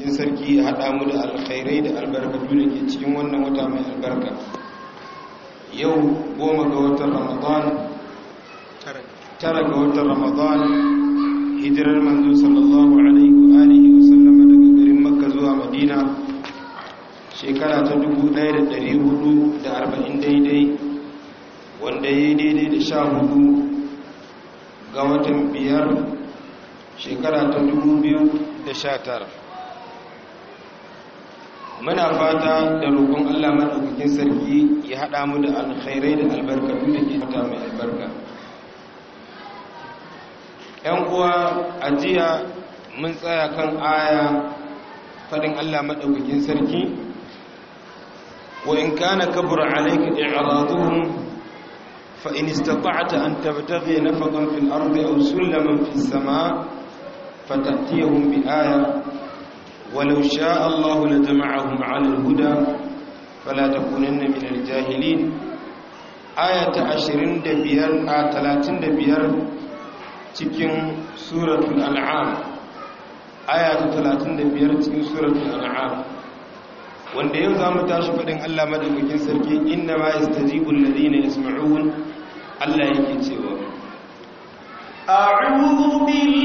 madaukakin sarki ya haɗa mu da alkhairai da albarkatu da ke cikin wannan wata mai albarka yau goma ga watan ramadan tara ga watan ramadan hijirar manzo sallallahu alaihi wa alihi wa sallam daga garin makka zuwa madina shekara ta 1440 daidai wanda ya daidai da sha hudu ga watan biyar shekara ta 2019 muna fata da roƙon Allah madaukakin sarki ya haɗa mu da alkhairai da albarkatu da ke fata mai albarka ‘yan uwa ajiya mun tsaya kan aya faɗin Allah madaukakin sarki wa in kana kabura alaika i'raduhum fa in istata'ta an tabtaghi nafaqan fil ardi aw sulaman fis sama' fatatiyahum aya ولو شاء الله لجمعهم على الهدى فلا تكونن من الجاهلين آية عشرين دبير آية ثلاثين دبير تكين سورة الأنعام آية ثلاثين دبير تكين سورة الأنعام wanda yau za mu tashi faɗin Allah madaukakin sarki inna ma yastajibu alladhina yasma'un Allah yake cewa a'udhu billahi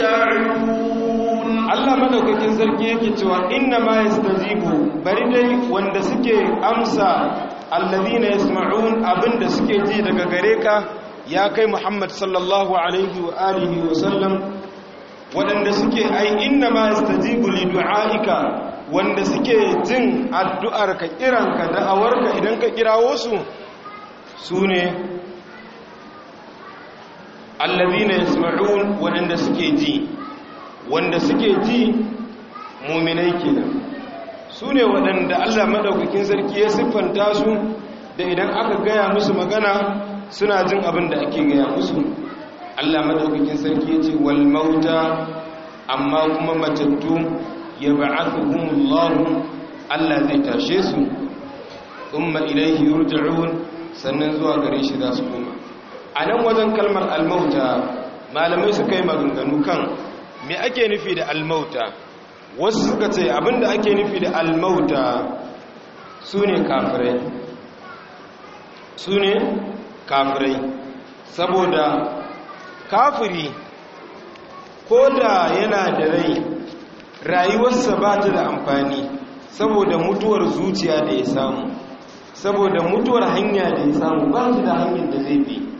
Allah madaukakin sarki yake cewa inna ma yastajibu bari dai wanda suke amsa alladhina yasma'un abinda suke ji daga gare ka ya kai Muhammad sallallahu alaihi wa alihi wa sallam wanda suke ai inna ma yastajibu li du'aika wanda suke jin addu'arka kiranka da'awarka idan ka kirawo su sune. allazina yasma'un wanda suke ji wanda suke ji mu'minai kenan sune waɗanda Allah madaukakin sarki ya siffanta su da idan aka gaya musu magana suna jin abin da ake gaya musu Allah madaukakin sarki ce wal mauta amma kuma matattu yab'athuhumullahu Allah zai tashe su umma ilaihi yurja'un sannan zuwa gare shi za su a nan wajen kalmar almauta malamai su kai maganganu kan me ake nufi da almauta wasu suka ce abinda ake nufi da almauta su ne kafirai su ne kafirai saboda kafiri ko da yana da rai rayuwarsa ba ta da amfani saboda mutuwar zuciya da ya samu saboda mutuwar hanya da ya samu ba ta da hanyar da zai biyu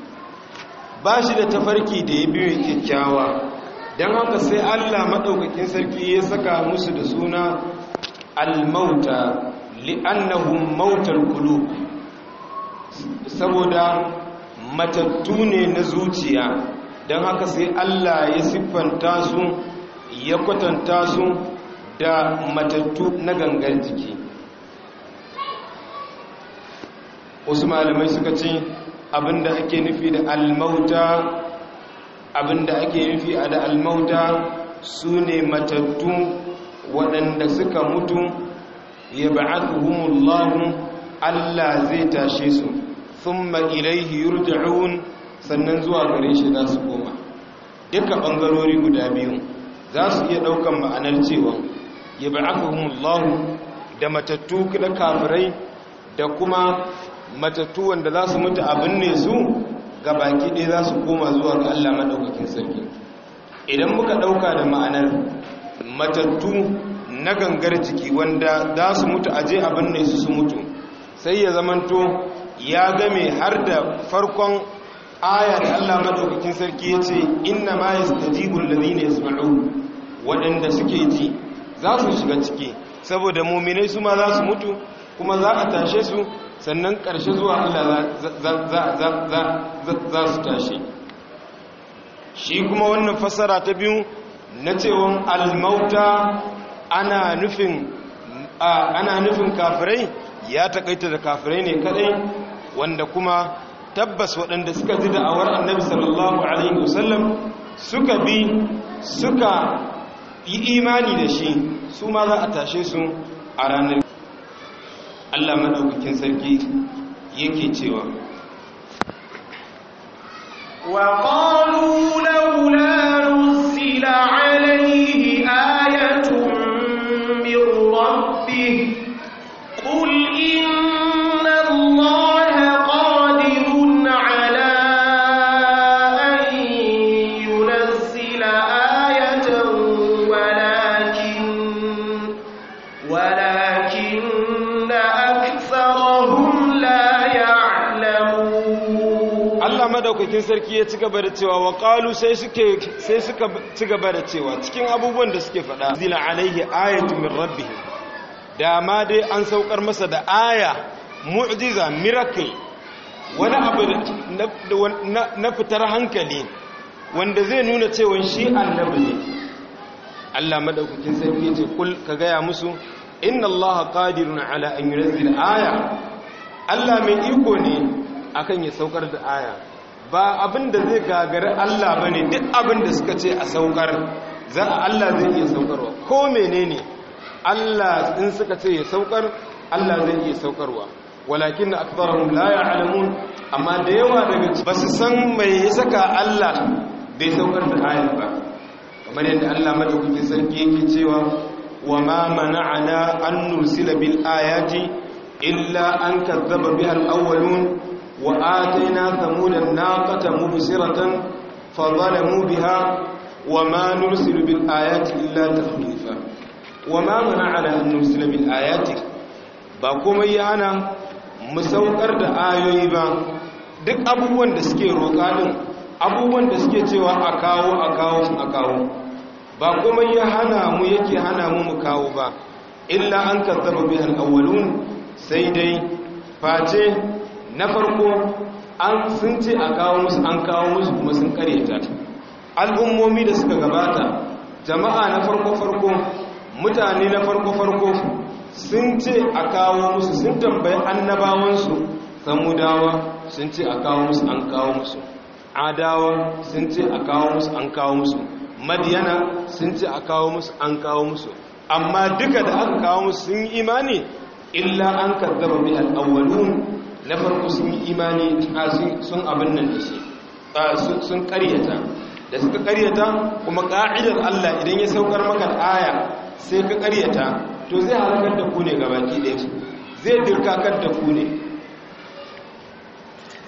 ba shi da tafarki da ya biyu kyakkyawa don haka sai allah maɗaukakin sarki ya saka musu da suna almauta li'annahun mautar kulu saboda matattu ne na zuciya don haka sai allah ya siffanta su ya kwatanta su da matattu na gangar jiki wasu malamai suka ce abinda ake nufi da almauta abinda ake nufi da almauta su ne matattu waɗanda suka mutu ya ba'athuhumullahu Allah zai tashe su thumma ilaihi yurja'un sannan zuwa gare shi za su koma duka bangarori guda biyu za su iya ɗaukan ma'anar cewa ya ba'athuhumullahu da matattu da kafirai da kuma matattu wanda za su mutu abin ne su ga baki ɗaya za su koma zuwa ga Allah maɗaukakin sarki idan muka ɗauka da ma'anar matattu na gangar jiki wanda za su mutu je abin ne su su mutu sai ya zamanto ya game har da farkon aya da Allah maɗaukakin sarki ya ce inna ma ya ne su yasma'u waɗanda suke ji za su shiga ciki saboda muminai su ma za su mutu kuma za a tashe su sannan ƙarshe zuwa Allah za su tashe shi kuma wannan fassara ta biyu na cewon almauta ana nufin kafirai ya takaita da kafirai ne kadai wanda kuma tabbas waɗanda suka ji da'awar annabi sallallahu alaihi wasallam suka bi suka yi imani da shi su ma za a tashe su a ranar Allah madaukakin sarki yake cewa wa qalu laula nuzila alayhi ayatun min rabbih qul inna allaha qadirun ala an yunzila ayatan walakin walakin madaukakin sarki ya ci gaba da cewa wa qalu sai suke sai suka ci gaba da cewa cikin abubuwan da suke faɗa zila alaihi ayatu min rabbih da ma dai an saukar masa da aya mu'jiza miracle wani abu na fitar hankali wanda zai nuna cewa shi annabi ne Allah madaukakin sarki ya ce kul ka gaya musu inna Allah qadirun ala an yunzila aya Allah mai iko ne akan ya saukar da aya ba abin da zai gagari Allah ba ne duk abin da suka ce a saukar za a Allah zai iya saukarwa ko menene Allah in suka ce ya saukar Allah zai iya saukarwa walakin na akbarahum la ya'lamun amma da yawa daga ba su san mai ya saka Allah bai saukar da kayan ba kamar yadda Allah madaukakin sarki yake cewa wa ma an nusi أن bil بالآيات illa an كذب bihal awwalun وآتينا ثمود الناقة مبصرة فظلموا بها وما نرسل wa ma nursilu وما ayati illa أن wa ma باكم أيانا مسوكر bil ayati ba komai ya hana mu da ayoyi ba duk abubuwan da suke cewa a kawo a kawo a kawo ba kuma ya hana mu yake hana mu mu kawo ba illa an kazzaba bihal awwalun sai dai face na farko an sun ce a kawo musu an kawo musu kuma sun karyata al'ummomi da suka gabata jama'a na farko-farko mutane na farko-farko sun ce a kawo musu sun tambayi annabawansu samudawa sun ce a kawo musu an kawo musu adawa sun ce a kawo musu an kawo musu madiyana sun ce a kawo musu an kawo musu amma duka da aka kawo musu sun imani illa an kaddaba bi al'awwalun na farko sun yi imani sun abin nan da shi sun karyata da suka karyata kuma ka'idar Allah idan ya saukar maka aya sai ka karyata to zai halakar da ku ne gabaki ɗaya zai dirkakar da ku ne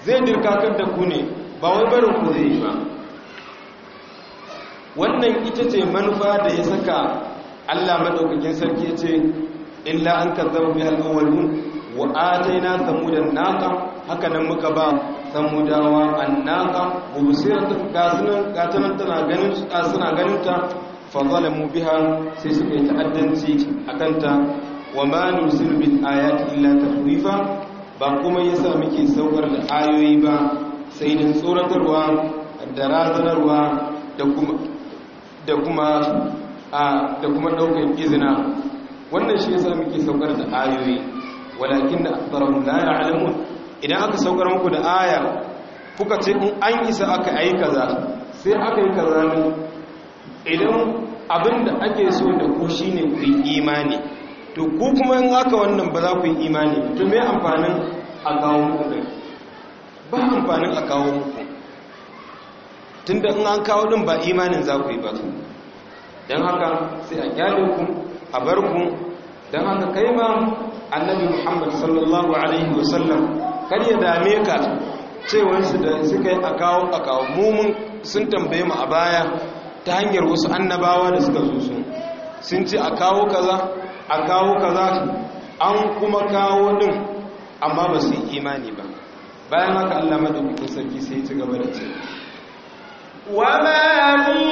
zai dirkakar da ku ne ba wai barin ku zai yi ba wannan ita ce manufa da ya saka Allah madaukakin sarki ya ce illa an kazzaba bi al-awwalun wa atayna samudan naqa haka nan muka ba samudawa annaka ubsirat gasunan gatanan tana ganin suna ganin ta fa zalamu biha sai suka yi ta'addanci akan ta wa ma nusil bil ayati illa tahwifa ba kuma yasa muke saukar da ayoyi ba sai da tsoratarwa da razanarwa da kuma da kuma a da kuma daukar izina wannan shi yasa muke saukar da ayoyi walakin aktharuhum la ya'lamun idan aka saukar muku da aya kuka ce in an isa aka yi kaza sai aka yi kaza ne idan abinda ake so da ku shine ku yi imani to ku kuma in aka wannan ba za ku yi imani to me amfanin a kawo muku ba amfanin a kawo muku tunda in an kawo din ba imanin za ku yi ba don haka sai a kyale ku a bar ku don haka kai ma annabi muhammad sallallahu alaihi wasallam kar ya dame ka cewarsu da suka yi akawo akawo mumun sun tambaye mu a baya ta hanyar wasu annabawa da suka zo sun sun ce a kawo kaza a kaza an kuma kawo din amma ba su yi imani ba bayan haka allah madaukakin sarki sai ci gaba da ce wa ma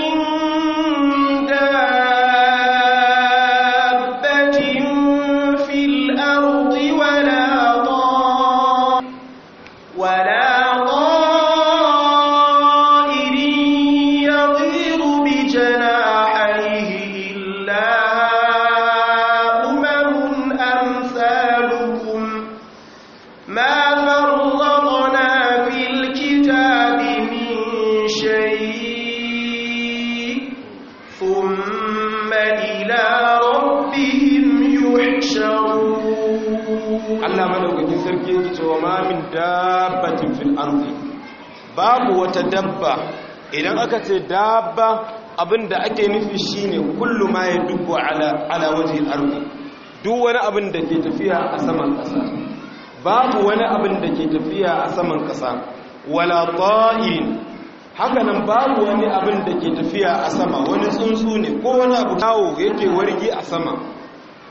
babu wata dabba idan aka ce dabba abinda ake nufi shine kullu ma dubu ala ala wajhi al duk wani abin da ke tafiya a saman kasa babu wani abin da ke tafiya a saman kasa wala ta'in haka nan babu wani abin da ke tafiya a sama wani tsuntsu ne ko wani abu tawo yake wargi a sama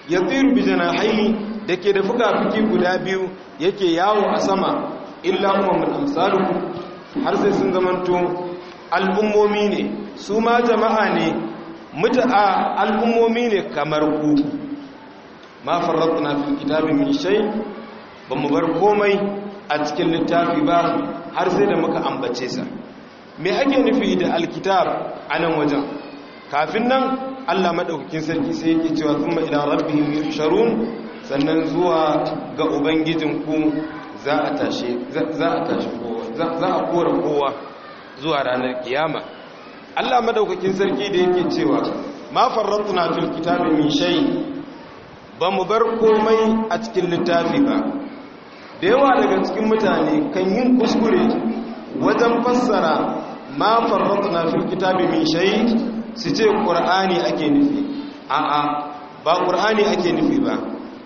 ya tsiru bi janahaini da ke da fuka-fuki guda biyu yake yawo a sama illa umar amsalukum har sai sun zamanto al'ummomi ne su ma jama'a ne muta'a al'ummomi ne kamar ku ma farratna fi kitabi min shay bamu bar komai a cikin littafi ba har sai da muka ambace sa me ake nufi da alkitab nan wajen kafin nan Allah madaukakin sarki sai yake cewa thumma ila rabbihim yusharun sannan zuwa ga ubangijin ku za a tashi za a tashi kowa za a kora kowa zuwa ranar kiyama Allah madaukakin sarki da yake cewa ma na fil kitabi min shay ba mu bar komai a cikin littafi ba da yawa daga cikin mutane kan yin kuskure wajen fassara ma na fil kitabi min shay su ce qur'ani ake nufi a'a ba qur'ani ake nufi ba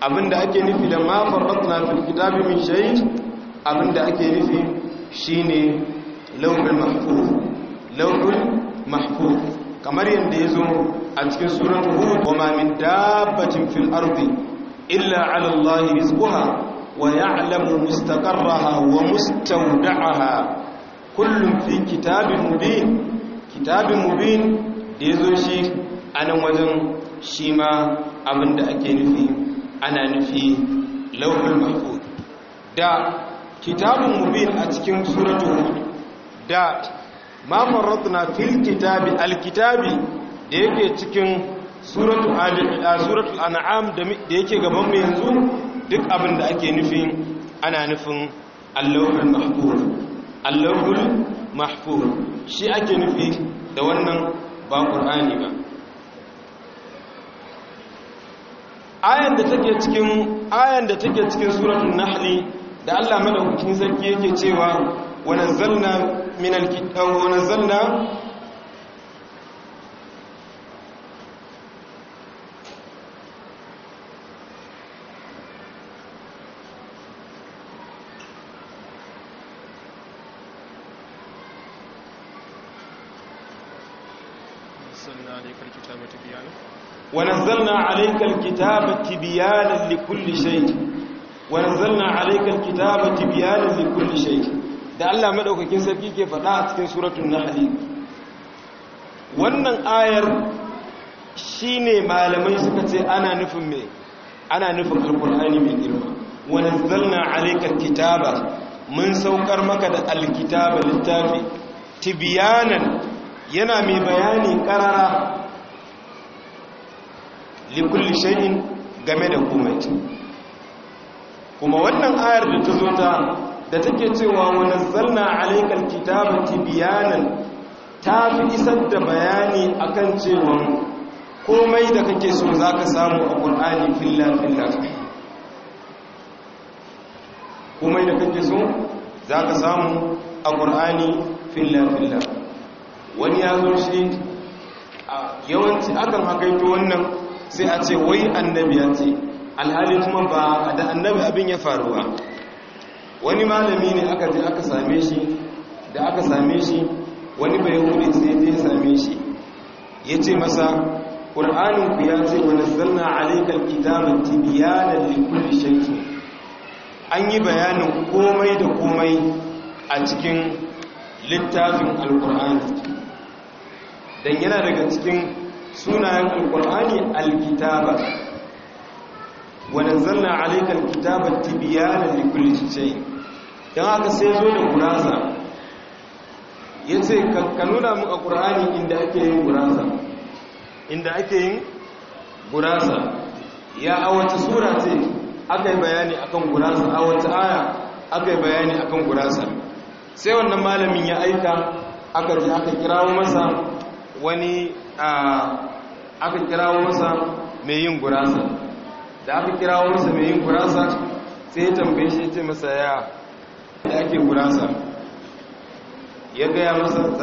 abinda ake nufi da ma na fil kitabi min shay abinda ake nufi shine lauhul mahfuz mahfuz kamar yadda ya zo a cikin suran hud wa ma min dabbatin fil ardi illa ala allahi rizquha wa ya'lamu mustaqarraha wa mustawda'aha kullum fi kitabin mubin kitabin mubin da ya zo shi anan wajen shi ma abinda ake nufi ana nufi lauhul mahfuz da kitabun mubin a cikin suratu hud da mamar na fil kitabi alkitabi da yake cikin suratu suratul an'am da yake gaban mu yanzu duk abin da ake nufin ana nufin allahul mahfuz allahul mahfuz shi ake nufi da wannan ba qur'ani ba ayan da take cikin ayan da take cikin suratul nahli da Allah madaukakin sarki yake cewa wa nazzalna min al-kitab kitaba tibyanan likulli shay'in wa anzalna alayka alkitaba tibyanan likulli shay da Allah madaukakin sarki ke faɗa a cikin suratul nahl wannan ayar shine malamai suka ce ana nufin me ana nufin alqur'ani mai girma wa alayka alkitaba mun saukar maka da alkitaba littafi tibyanan yana mai bayani karara likulli shay'in game da komai kuma wannan ayar da ta zo ta da take cewa wa nazzalna alaykal kitaba tibyanan ta fi isar da bayani akan cewa komai da kake so zaka samu a Qur'ani filla filla komai da kake so zaka samu a Qur'ani filla filla wani ya zo shi yawanci akan hakaito wannan sai a ce wai annabi ya ce alhali kuma ba da annabi abin ya faru ba wani malami ne aka je aka same shi da aka same shi wani bai hudu sai ya same shi ya ce masa ƙur'anin ku ya ce wani zanna alaikar kitabar tibiyanar likulli shakki an yi bayanin komai da komai a cikin littafin alƙur'ani dan yana daga cikin sunayen alƙur'ani alkitabar wa nazzalna alayka alkitaba tibyana likulli shay don haka sai zo da gurasa yace ka nuna mu a qur'ani inda ake yin gurasa inda ake yin gurasa ya a wata sura ce aka yi bayani akan gurasa a wata aya aka yi bayani akan gurasa sai wannan malamin ya aika aka ji aka kirawo masa wani aka kirawo masa mai yin gurasa da aka kira wani mai yin gurasa sai ya tambaye shi ce masa ya da ake kurasa ya gaya masa